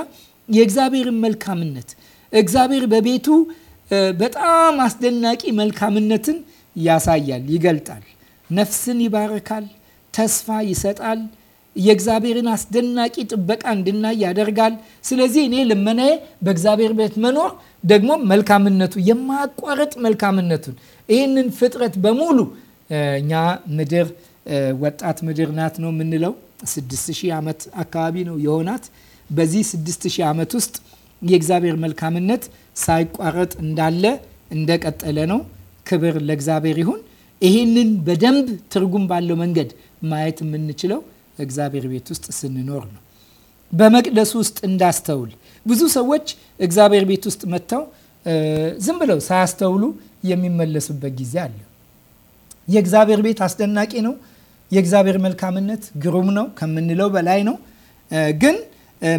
[SPEAKER 1] የእግዚአብሔርን መልካምነት እግዚአብሔር በቤቱ በጣም አስደናቂ መልካምነትን ያሳያል፣ ይገልጣል። ነፍስን ይባርካል፣ ተስፋ ይሰጣል፣ የእግዚአብሔርን አስደናቂ ጥበቃ እንድናይ ያደርጋል። ስለዚህ እኔ ልመናዬ በእግዚአብሔር ቤት መኖር ደግሞ መልካምነቱ የማቋረጥ መልካምነቱን ይህንን ፍጥረት በሙሉ እኛ ምድር ወጣት ምድር ናት ነው የምንለው። 6000 ዓመት አካባቢ ነው የሆናት። በዚህ 6000 ዓመት ውስጥ የእግዚአብሔር መልካምነት ሳይቋረጥ እንዳለ እንደቀጠለ ነው። ክብር ለእግዚአብሔር ይሁን። ይህንን በደንብ ትርጉም ባለው መንገድ ማየት የምንችለው እግዚአብሔር ቤት ውስጥ ስንኖር ነው። በመቅደሱ ውስጥ እንዳስተውል ብዙ ሰዎች እግዚአብሔር ቤት ውስጥ መጥተው ዝም ብለው ሳያስተውሉ የሚመለሱበት ጊዜ አለ። የእግዚአብሔር ቤት አስደናቂ ነው። የእግዚአብሔር መልካምነት ግሩም ነው፣ ከምንለው በላይ ነው። ግን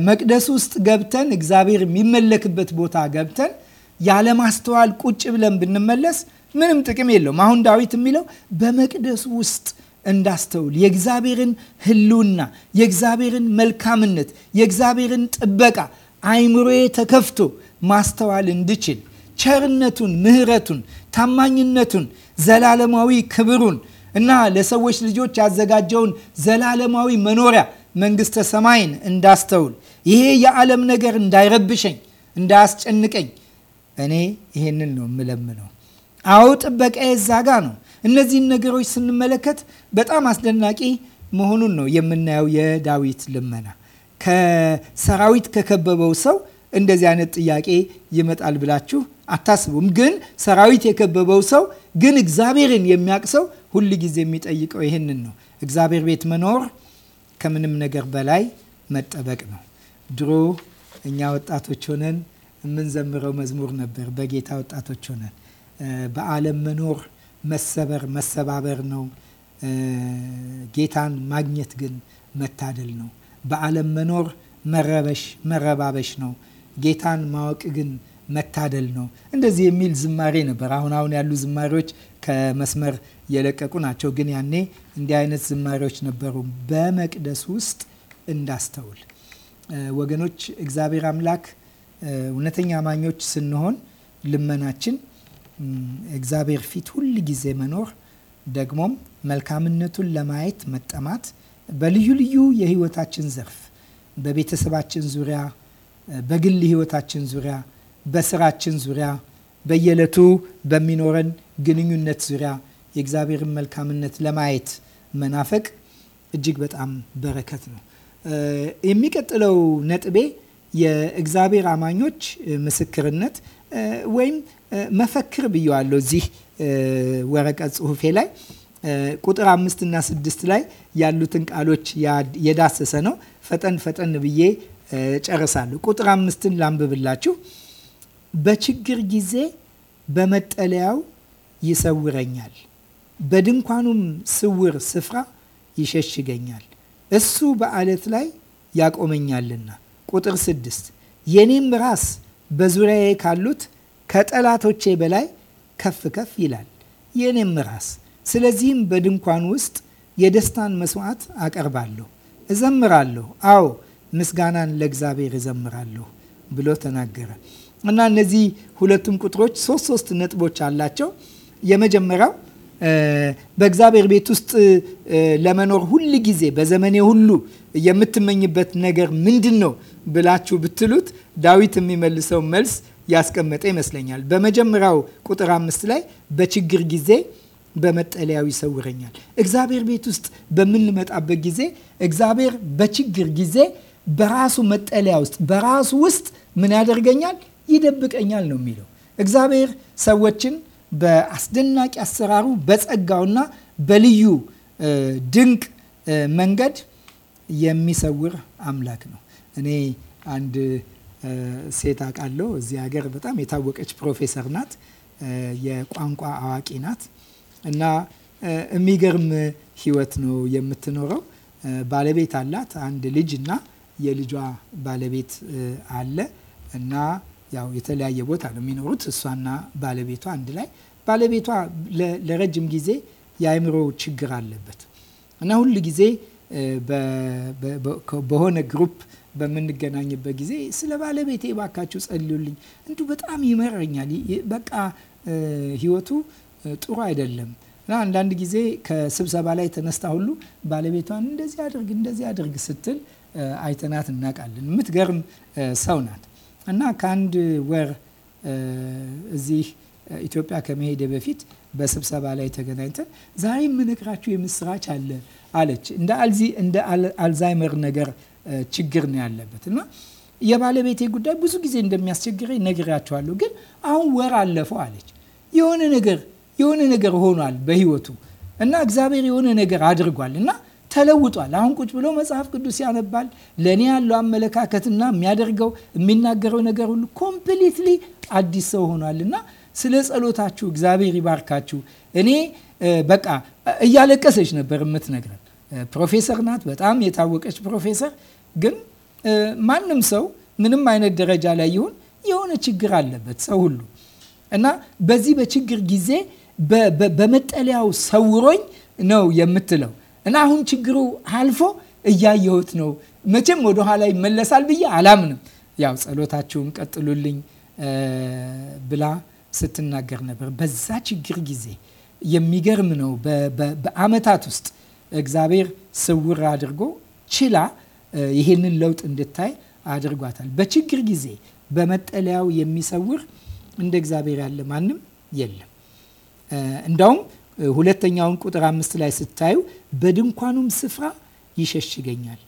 [SPEAKER 1] መቅደስ ውስጥ ገብተን እግዚአብሔር የሚመለክበት ቦታ ገብተን ያለማስተዋል ቁጭ ብለን ብንመለስ ምንም ጥቅም የለውም። አሁን ዳዊት የሚለው በመቅደሱ ውስጥ እንዳስተውል የእግዚአብሔርን ህልውና የእግዚአብሔርን መልካምነት፣ የእግዚአብሔርን ጥበቃ አይምሮዬ ተከፍቶ ማስተዋል እንድችል ቸርነቱን፣ ምህረቱን ታማኝነቱን፣ ዘላለማዊ ክብሩን እና ለሰዎች ልጆች ያዘጋጀውን ዘላለማዊ መኖሪያ መንግስተ ሰማይን እንዳስተውል ይሄ የዓለም ነገር እንዳይረብሸኝ፣ እንዳያስጨንቀኝ እኔ ይሄንን ነው የምለምነው። አዎ ጥበቃዬ እዛ ጋ ነው። እነዚህን ነገሮች ስንመለከት በጣም አስደናቂ መሆኑን ነው የምናየው። የዳዊት ልመና ከሰራዊት ከከበበው ሰው እንደዚህ አይነት ጥያቄ ይመጣል ብላችሁ አታስቡም። ግን ሰራዊት የከበበው ሰው ግን እግዚአብሔርን የሚያውቅ ሰው ሁል ጊዜ የሚጠይቀው ይህንን ነው። እግዚአብሔር ቤት መኖር ከምንም ነገር በላይ መጠበቅ ነው። ድሮ እኛ ወጣቶች ሆነን የምንዘምረው መዝሙር ነበር። በጌታ ወጣቶች ሆነን በዓለም መኖር መሰበር መሰባበር ነው። ጌታን ማግኘት ግን መታደል ነው። በዓለም መኖር መረበሽ መረባበሽ ነው። ጌታን ማወቅ ግን መታደል ነው። እንደዚህ የሚል ዝማሬ ነበር። አሁን አሁን ያሉ ዝማሬዎች ከመስመር የለቀቁ ናቸው። ግን ያኔ እንዲህ አይነት ዝማሬዎች ነበሩ። በመቅደስ ውስጥ እንዳስተውል ወገኖች፣ እግዚአብሔር አምላክ እውነተኛ አማኞች ስንሆን ልመናችን እግዚአብሔር ፊት ሁል ጊዜ መኖር ደግሞም መልካምነቱን ለማየት መጠማት በልዩ ልዩ የህይወታችን ዘርፍ በቤተሰባችን ዙሪያ፣ በግል ህይወታችን ዙሪያ፣ በስራችን ዙሪያ፣ በየዕለቱ በሚኖረን ግንኙነት ዙሪያ የእግዚአብሔርን መልካምነት ለማየት መናፈቅ እጅግ በጣም በረከት ነው። የሚቀጥለው ነጥቤ የእግዚአብሔር አማኞች ምስክርነት ወይም መፈክር ብየዋለሁ እዚህ ወረቀት ጽሁፌ ላይ ቁጥር አምስት እና ስድስት ላይ ያሉትን ቃሎች የዳሰሰ ነው። ፈጠን ፈጠን ብዬ ጨርሳለሁ። ቁጥር አምስትን ላንብብላችሁ። በችግር ጊዜ በመጠለያው ይሰውረኛል፣ በድንኳኑም ስውር ስፍራ ይሸሽገኛል፣ እሱ በአለት ላይ ያቆመኛልና። ቁጥር ስድስት የኔም ራስ በዙሪያዬ ካሉት ከጠላቶቼ በላይ ከፍ ከፍ ይላል የእኔም ራስ። ስለዚህም በድንኳን ውስጥ የደስታን መስዋዕት አቀርባለሁ፣ እዘምራለሁ። አዎ ምስጋናን ለእግዚአብሔር እዘምራለሁ ብሎ ተናገረ እና እነዚህ ሁለቱም ቁጥሮች ሶስት ሶስት ነጥቦች አላቸው። የመጀመሪያው በእግዚአብሔር ቤት ውስጥ ለመኖር ሁል ጊዜ በዘመኔ ሁሉ የምትመኝበት ነገር ምንድን ነው ብላችሁ ብትሉት ዳዊት የሚመልሰው መልስ ያስቀመጠ ይመስለኛል። በመጀመሪያው ቁጥር አምስት ላይ በችግር ጊዜ በመጠለያው ይሰውረኛል። እግዚአብሔር ቤት ውስጥ በምንመጣበት ጊዜ እግዚአብሔር በችግር ጊዜ በራሱ መጠለያ ውስጥ በራሱ ውስጥ ምን ያደርገኛል? ይደብቀኛል ነው የሚለው። እግዚአብሔር ሰዎችን በአስደናቂ አሰራሩ በጸጋውና በልዩ ድንቅ መንገድ የሚሰውር አምላክ ነው። እኔ አንድ ሴት አውቃለሁ እዚህ ሀገር በጣም የታወቀች ፕሮፌሰር ናት። የቋንቋ አዋቂ ናት እና የሚገርም ህይወት ነው የምትኖረው። ባለቤት አላት፣ አንድ ልጅ እና የልጇ ባለቤት አለ እና ያው የተለያየ ቦታ ነው የሚኖሩት እሷና ባለቤቷ አንድ ላይ። ባለቤቷ ለረጅም ጊዜ የአእምሮ ችግር አለበት እና ሁል ጊዜ በሆነ ግሩፕ በምንገናኝበት ጊዜ ስለ ባለቤቴ ባካችሁ ጸልዩልኝ፣ እንዲሁ በጣም ይመረኛል፣ በቃ ህይወቱ ጥሩ አይደለም እና አንዳንድ ጊዜ ከስብሰባ ላይ ተነስታ ሁሉ ባለቤቷን እንደዚህ አድርግ እንደዚህ አድርግ ስትል አይተናት እናውቃለን። የምትገርም ሰው ናት እና ከአንድ ወር እዚህ ኢትዮጵያ ከመሄደ በፊት በስብሰባ ላይ ተገናኝተን ዛሬ የምነግራችሁ የምስራች አለ አለች። እንደ አልዛይመር ነገር ችግር ነው ያለበት እና የባለቤቴ ጉዳይ ብዙ ጊዜ እንደሚያስቸግረኝ ነግሬያቸዋለሁ። ግን አሁን ወር አለፈው አለች። የሆነ ነገር የሆነ ነገር ሆኗል በህይወቱ እና እግዚአብሔር የሆነ ነገር አድርጓል እና ተለውጧል። አሁን ቁጭ ብሎ መጽሐፍ ቅዱስ ያነባል። ለእኔ ያለው አመለካከትና የሚያደርገው የሚናገረው ነገር ሁሉ ኮምፕሊትሊ አዲስ ሰው ሆኗል እና ስለ ጸሎታችሁ እግዚአብሔር ይባርካችሁ። እኔ በቃ እያለቀሰች ነበር የምትነግረ ፕሮፌሰር ናት። በጣም የታወቀች ፕሮፌሰር። ግን ማንም ሰው ምንም አይነት ደረጃ ላይ ይሁን የሆነ ችግር አለበት ሰው ሁሉ እና በዚህ በችግር ጊዜ በመጠለያው ሰውሮኝ ነው የምትለው እና አሁን ችግሩ አልፎ እያየሁት ነው። መቼም ወደኋላ ይመለሳል ብዬ አላምንም። ያው ጸሎታችሁን ቀጥሉልኝ ብላ ስትናገር ነበር። በዛ ችግር ጊዜ የሚገርም ነው። በአመታት ውስጥ እግዚአብሔር ስውር አድርጎ ችላ ይሄንን ለውጥ እንድታይ አድርጓታል። በችግር ጊዜ በመጠለያው የሚሰውር እንደ እግዚአብሔር ያለ ማንም የለም። እንዳውም ሁለተኛውን ቁጥር አምስት ላይ ስታዩ በድንኳኑም ስፍራ ይሸሽገኛል።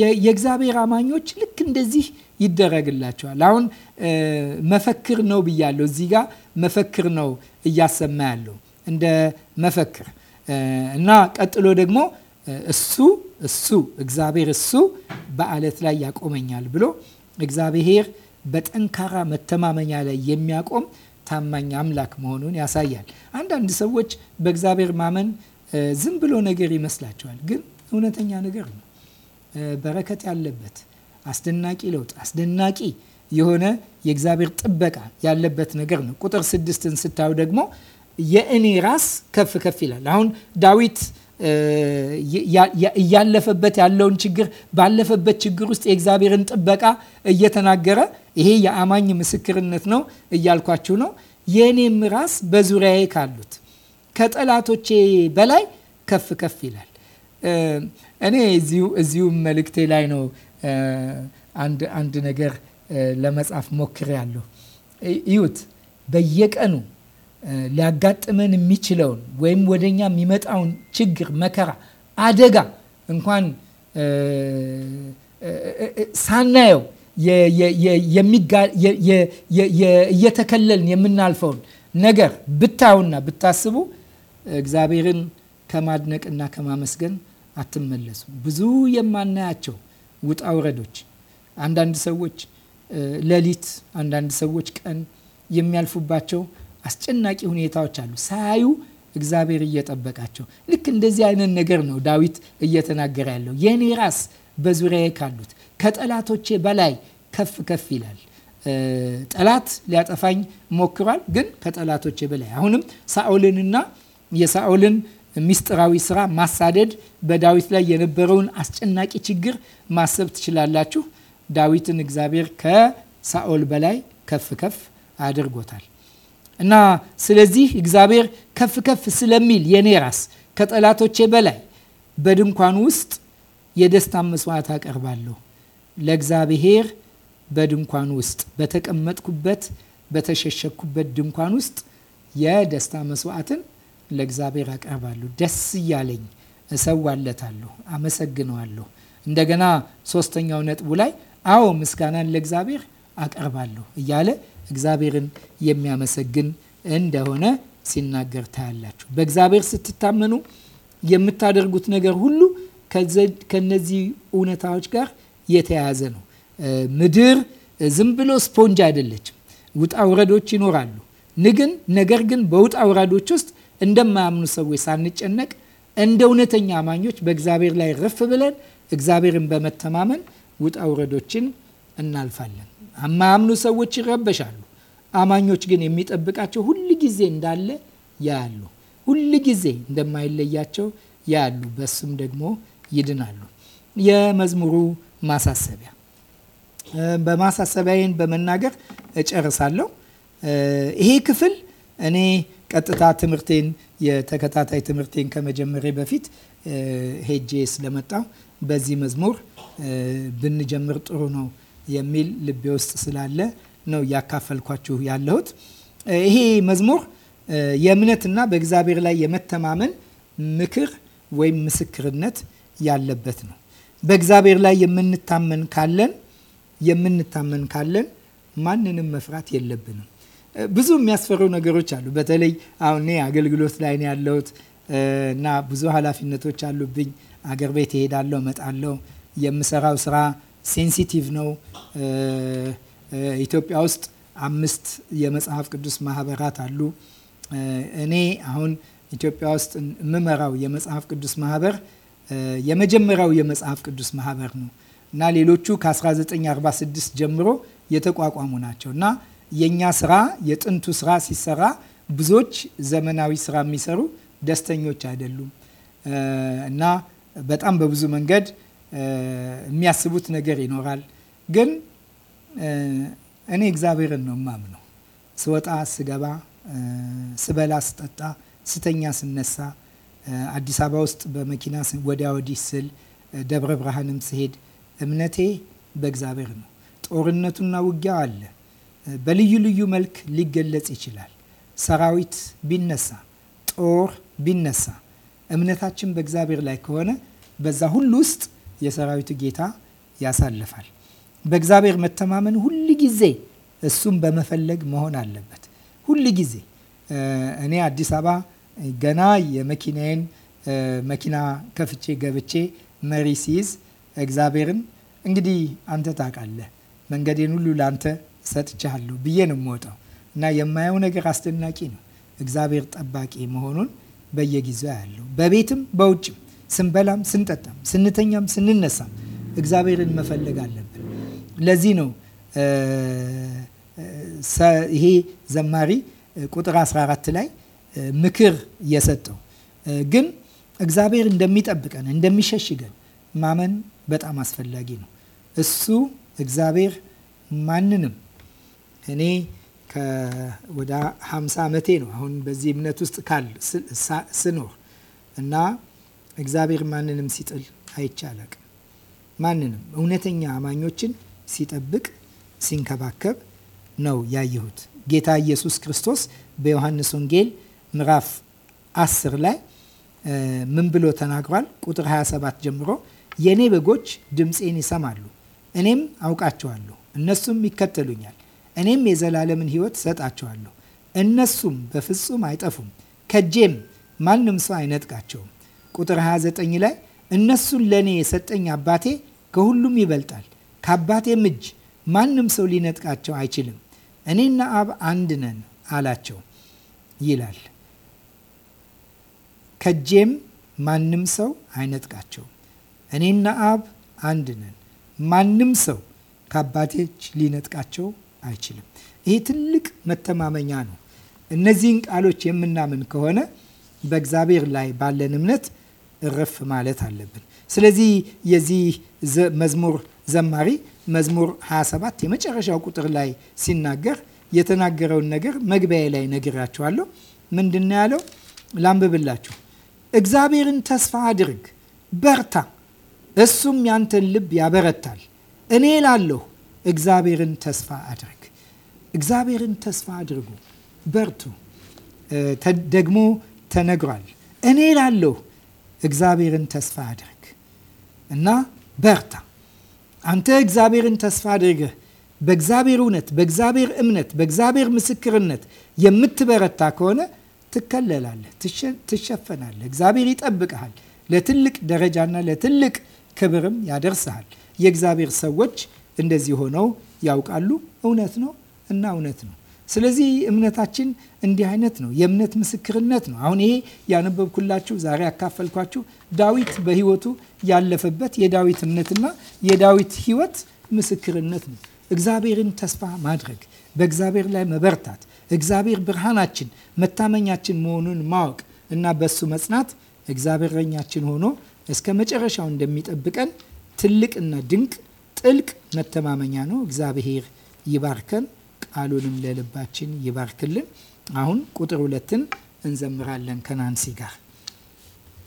[SPEAKER 1] የእግዚአብሔር አማኞች ልክ እንደዚህ ይደረግላቸዋል። አሁን መፈክር ነው ብያለሁ። እዚህ ጋር መፈክር ነው እያሰማ ያለው እንደ መፈክር እና ቀጥሎ ደግሞ እሱ እሱ እግዚአብሔር እሱ በአለት ላይ ያቆመኛል ብሎ እግዚአብሔር በጠንካራ መተማመኛ ላይ የሚያቆም ታማኝ አምላክ መሆኑን ያሳያል። አንዳንድ ሰዎች በእግዚአብሔር ማመን ዝም ብሎ ነገር ይመስላቸዋል፣ ግን እውነተኛ ነገር ነው። በረከት ያለበት አስደናቂ ለውጥ፣ አስደናቂ የሆነ የእግዚአብሔር ጥበቃ ያለበት ነገር ነው። ቁጥር ስድስትን ስታዩ ደግሞ የእኔ ራስ ከፍ ከፍ ይላል። አሁን ዳዊት እያለፈበት ያለውን ችግር ባለፈበት ችግር ውስጥ የእግዚአብሔርን ጥበቃ እየተናገረ ይሄ የአማኝ ምስክርነት ነው እያልኳችሁ ነው። የእኔም ራስ በዙሪያዬ ካሉት ከጠላቶቼ በላይ ከፍ ከፍ ይላል። እኔ እዚሁም መልእክቴ ላይ ነው አንድ ነገር ለመጻፍ ሞክሬ ያለሁ። እዩት በየቀኑ ሊያጋጥመን የሚችለውን ወይም ወደኛ የሚመጣውን ችግር፣ መከራ፣ አደጋ እንኳን ሳናየው እየተከለልን የምናልፈውን ነገር ብታዩና ብታስቡ እግዚአብሔርን ከማድነቅና ከማመስገን አትመለሱ። ብዙ የማናያቸው ውጣ ውረዶች አንዳንድ ሰዎች ሌሊት፣ አንዳንድ ሰዎች ቀን የሚያልፉባቸው አስጨናቂ ሁኔታዎች አሉ። ሳያዩ እግዚአብሔር እየጠበቃቸው። ልክ እንደዚህ አይነት ነገር ነው ዳዊት እየተናገረ ያለው። የእኔ ራስ በዙሪያዬ ካሉት ከጠላቶቼ በላይ ከፍ ከፍ ይላል። ጠላት ሊያጠፋኝ ሞክሯል፣ ግን ከጠላቶቼ በላይ አሁንም ሳኦልንና የሳኦልን ሚስጥራዊ ስራ ማሳደድ በዳዊት ላይ የነበረውን አስጨናቂ ችግር ማሰብ ትችላላችሁ። ዳዊትን እግዚአብሔር ከሳኦል በላይ ከፍ ከፍ አድርጎታል። እና ስለዚህ እግዚአብሔር ከፍ ከፍ ስለሚል የኔ ራስ ከጠላቶቼ በላይ በድንኳን ውስጥ የደስታ መስዋዕት አቀርባለሁ ለእግዚአብሔር በድንኳን ውስጥ በተቀመጥኩበት በተሸሸኩበት ድንኳን ውስጥ የደስታ መስዋዕትን ለእግዚአብሔር አቀርባለሁ። ደስ እያለኝ እሰዋለታለሁ፣ አመሰግነዋለሁ። እንደገና ሶስተኛው ነጥቡ ላይ አዎ ምስጋናን ለእግዚአብሔር አቀርባለሁ እያለ እግዚአብሔርን የሚያመሰግን እንደሆነ ሲናገር ታያላችሁ። በእግዚአብሔር ስትታመኑ የምታደርጉት ነገር ሁሉ ከነዚህ እውነታዎች ጋር የተያያዘ ነው። ምድር ዝም ብሎ ስፖንጅ አይደለችም። ውጣ ውረዶች ይኖራሉ። ንግን ነገር ግን በውጣ ውረዶች ውስጥ እንደማያምኑ ሰዎች ሳንጨነቅ እንደ እውነተኛ አማኞች በእግዚአብሔር ላይ ረፍ ብለን እግዚአብሔርን በመተማመን ውጣ ውረዶችን እናልፋለን። የማያምኑ ሰዎች ይረበሻሉ። አማኞች ግን የሚጠብቃቸው ሁል ጊዜ እንዳለ ያያሉ። ሁል ጊዜ እንደማይለያቸው ያያሉ። በሱም ደግሞ ይድናሉ። የመዝሙሩ ማሳሰቢያ በማሳሰቢያዬን በመናገር እጨርሳለሁ። ይሄ ክፍል እኔ ቀጥታ ትምህርቴን የተከታታይ ትምህርቴን ከመጀመሬ በፊት ሄጄ ስለመጣው በዚህ መዝሙር ብንጀምር ጥሩ ነው የሚል ልቤ ውስጥ ስላለ ነው እያካፈልኳችሁ ያለሁት። ይሄ መዝሙር የእምነትና በእግዚአብሔር ላይ የመተማመን ምክር ወይም ምስክርነት ያለበት ነው። በእግዚአብሔር ላይ የምንታመን ካለን የምንታመን ካለን ማንንም መፍራት የለብንም። ብዙ የሚያስፈሩ ነገሮች አሉ። በተለይ አሁን እኔ አገልግሎት ላይ ነው ያለሁት እና ብዙ ኃላፊነቶች አሉብኝ። አገር ቤት እሄዳለሁ፣ እመጣለሁ። የምሰራው ስራ ሴንሲቲቭ ነው። ኢትዮጵያ ውስጥ አምስት የመጽሐፍ ቅዱስ ማህበራት አሉ። እኔ አሁን ኢትዮጵያ ውስጥ የምመራው የመጽሐፍ ቅዱስ ማህበር የመጀመሪያው የመጽሐፍ ቅዱስ ማህበር ነው እና ሌሎቹ ከ1946 ጀምሮ የተቋቋሙ ናቸው እና የእኛ ስራ የጥንቱ ስራ ሲሰራ ብዙዎች ዘመናዊ ስራ የሚሰሩ ደስተኞች አይደሉም እና በጣም በብዙ መንገድ የሚያስቡት ነገር ይኖራል። ግን እኔ እግዚአብሔርን ነው የማምነው። ስወጣ ስገባ፣ ስበላ ስጠጣ፣ ስተኛ ስነሳ፣ አዲስ አበባ ውስጥ በመኪና ወዲያ ወዲህ ስል፣ ደብረ ብርሃንም ስሄድ እምነቴ በእግዚአብሔር ነው። ጦርነቱና ውጊያው አለ። በልዩ ልዩ መልክ ሊገለጽ ይችላል። ሰራዊት ቢነሳ፣ ጦር ቢነሳ፣ እምነታችን በእግዚአብሔር ላይ ከሆነ በዛ ሁሉ ውስጥ የሰራዊቱ ጌታ ያሳልፋል። በእግዚአብሔር መተማመን ሁል ጊዜ እሱም በመፈለግ መሆን አለበት። ሁል ጊዜ እኔ አዲስ አበባ ገና የመኪናዬን መኪና ከፍቼ ገብቼ መሪ ሲይዝ እግዚአብሔርን እንግዲህ አንተ ታውቃለህ፣ መንገዴን ሁሉ ለአንተ ሰጥቻለሁ ብዬ ነው የምወጣው እና የማየው ነገር አስደናቂ ነው። እግዚአብሔር ጠባቂ መሆኑን በየጊዜው ያለው በቤትም በውጭም ስንበላም፣ ስንጠጣም፣ ስንተኛም፣ ስንነሳም እግዚአብሔርን መፈለግ አለብን። ለዚህ ነው ይሄ ዘማሪ ቁጥር 14 ላይ ምክር የሰጠው ግን እግዚአብሔር እንደሚጠብቀን እንደሚሸሽገን ማመን በጣም አስፈላጊ ነው። እሱ እግዚአብሔር ማንንም እኔ ወደ 50 ዓመቴ ነው አሁን በዚህ እምነት ውስጥ ካል ስኖር እና እግዚአብሔር ማንንም ሲጥል አይቻለቅ። ማንንም እውነተኛ አማኞችን ሲጠብቅ ሲንከባከብ ነው ያየሁት። ጌታ ኢየሱስ ክርስቶስ በዮሐንስ ወንጌል ምዕራፍ 10 ላይ ምን ብሎ ተናግሯል? ቁጥር 27 ጀምሮ የእኔ በጎች ድምፄን ይሰማሉ፣ እኔም አውቃቸዋለሁ፣ እነሱም ይከተሉኛል፣ እኔም የዘላለምን ሕይወት ሰጣቸዋለሁ፣ እነሱም በፍጹም አይጠፉም፣ ከጄም ማንም ሰው አይነጥቃቸውም ቁጥር 29 ላይ እነሱን ለእኔ የሰጠኝ አባቴ ከሁሉም ይበልጣል፣ ከአባቴም እጅ ማንም ሰው ሊነጥቃቸው አይችልም። እኔና አብ አንድ ነን አላቸው ይላል። ከጄም ማንም ሰው አይነጥቃቸው እኔና አብ አንድ ነን። ማንም ሰው ከአባቴ እጅ ሊነጥቃቸው አይችልም። ይህ ትልቅ መተማመኛ ነው። እነዚህን ቃሎች የምናምን ከሆነ በእግዚአብሔር ላይ ባለን እምነት እርፍ ማለት አለብን። ስለዚህ የዚህ መዝሙር ዘማሪ መዝሙር 27 የመጨረሻው ቁጥር ላይ ሲናገር የተናገረውን ነገር መግቢያ ላይ ነግራችኋለሁ። ምንድን ያለው ላንብብላችሁ። እግዚአብሔርን ተስፋ አድርግ፣ በርታ፣ እሱም ያንተን ልብ ያበረታል። እኔ ላለሁ እግዚአብሔርን ተስፋ አድርግ። እግዚአብሔርን ተስፋ አድርጉ፣ በርቱ። ደግሞ ተነግሯል። እኔ ላለሁ? እግዚአብሔርን ተስፋ አድርግ እና በርታ። አንተ እግዚአብሔርን ተስፋ አድርገህ በእግዚአብሔር እውነት፣ በእግዚአብሔር እምነት፣ በእግዚአብሔር ምስክርነት የምትበረታ ከሆነ ትከለላለህ፣ ትሸፈናለህ። እግዚአብሔር ይጠብቀሃል፣ ለትልቅ ደረጃና ለትልቅ ክብርም ያደርስሃል። የእግዚአብሔር ሰዎች እንደዚህ ሆነው ያውቃሉ። እውነት ነው እና እውነት ነው። ስለዚህ እምነታችን እንዲህ አይነት ነው። የእምነት ምስክርነት ነው። አሁን ይሄ ያነበብኩላችሁ ዛሬ ያካፈልኳችሁ ዳዊት በህይወቱ ያለፈበት የዳዊት እምነትና የዳዊት ህይወት ምስክርነት ነው። እግዚአብሔርን ተስፋ ማድረግ፣ በእግዚአብሔር ላይ መበርታት፣ እግዚአብሔር ብርሃናችን፣ መታመኛችን መሆኑን ማወቅ እና በሱ መጽናት እግዚአብሔር ሆኖ እስከ መጨረሻው እንደሚጠብቀን ትልቅና ድንቅ ጥልቅ መተማመኛ ነው። እግዚአብሔር ይባርከን። አሉንም ለልባችን ይባርክልን። አሁን ቁጥር ሁለትን እንዘምራለን ከናንሲ ጋር